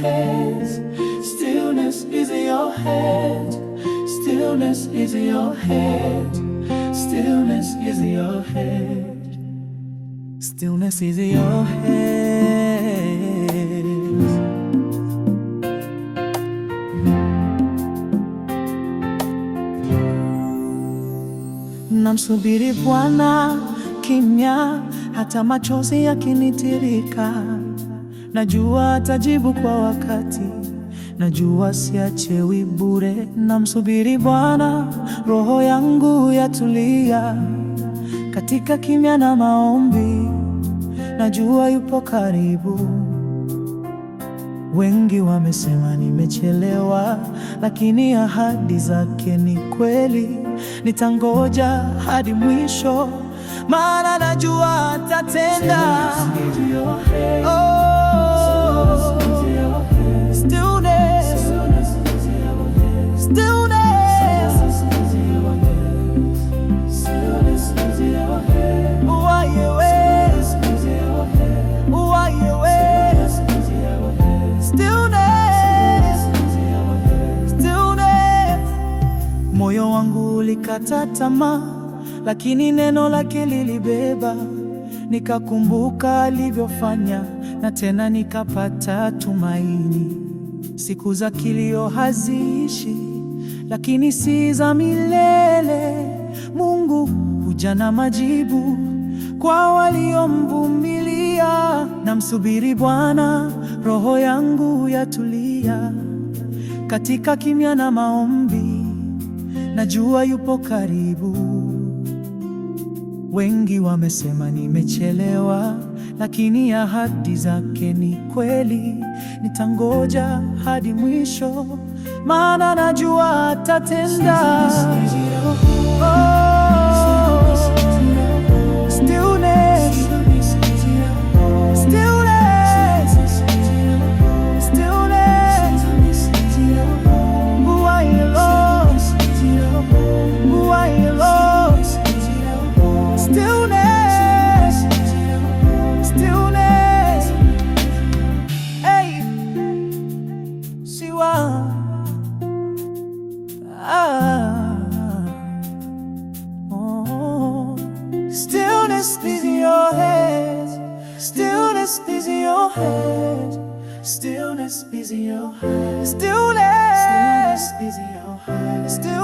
hands. Stillness is in your head. Stillness is in your head. Stillness is in your head. Stillness is in your hands. Namsubiri Bwana kimya, hata machozi yakinitirika Najua atajibu kwa wakati, najua siachewi bure. Namsubiri Bwana, roho yangu yatulia katika kimya na maombi, najua yupo karibu. Wengi wamesema nimechelewa, lakini ahadi zake ni kweli. Nitangoja hadi mwisho, maana najua atatenda. Moyo wangu ulikata tamaa, lakini neno lake lilibeba. Nikakumbuka alivyofanya na tena nikapata tumaini. Siku za kilio haziishi, lakini si za milele. Mungu huja na majibu kwa waliomvumia. Namsubiri Bwana, roho yangu yatulia, katika kimya na maombi, najua yupo karibu. Wengi wamesema nimechelewa, lakini ahadi zake ni kweli. Nitangoja hadi mwisho, maana najua atatenda. Oh. Stillness is your head. Stillness is your head. Stillness is your head. Stillness is your head. Stillness.